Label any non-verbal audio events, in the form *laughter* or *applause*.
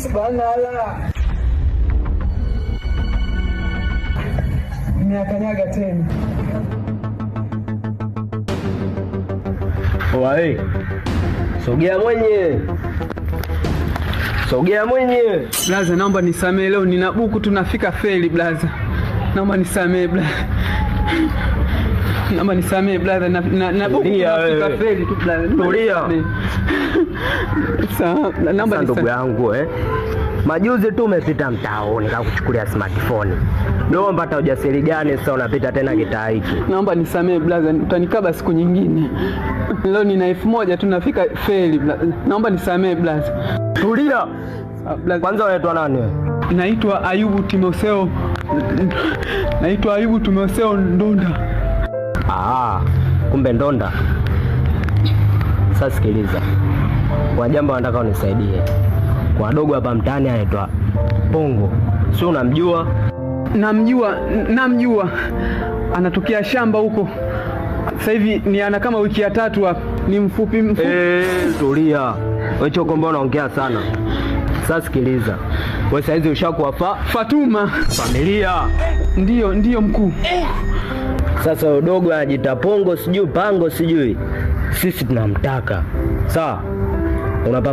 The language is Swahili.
Subhanallah, nimeakanyaga tena wae. Sogea mwenye, sogea mwenye. Blaza, naomba nisamee leo nina buku, tunafika feli blaza, naomba nisamee blaza. *laughs* Naomba nisamee brother, na na na kafeli tu naomba *laughs* ndugu yangu eh. Majuzi tu umepita mtao nikakuchukulia smartphone. Naomba hata ujasiri gani sasa unapita tena kitaa hiki? Naomba nisamee brother, utanikaba siku nyingine. *laughs* Leo nina elfu moja tu nafika feli Naomba nisamee brother. Tulia. Kwanza unaitwa nani wewe? Naitwa Ayubu Timoseo. Naitwa Ayubu Timoseo Ndonda. Ah, kumbe ndonda. Sasa sikiliza, kwa jambo nataka unisaidie. Kwa dogo hapa mtaani anaitwa Pongo, si unamjua? Namjua, namjua, anatokea shamba huko. Sasa hivi ni ana kama wiki ya tatu hapa, ni mfupi mfupi. Eh, tulia wecho, kombe unaongea sana. Sasa sikiliza, wewe saizi ushakuwa fa Fatuma familia. Ndiyo, ndiyo mkuu. Eh. Sasa udogo anajita pongo sijui pango sijui, sisi tunamtaka sawa, unapa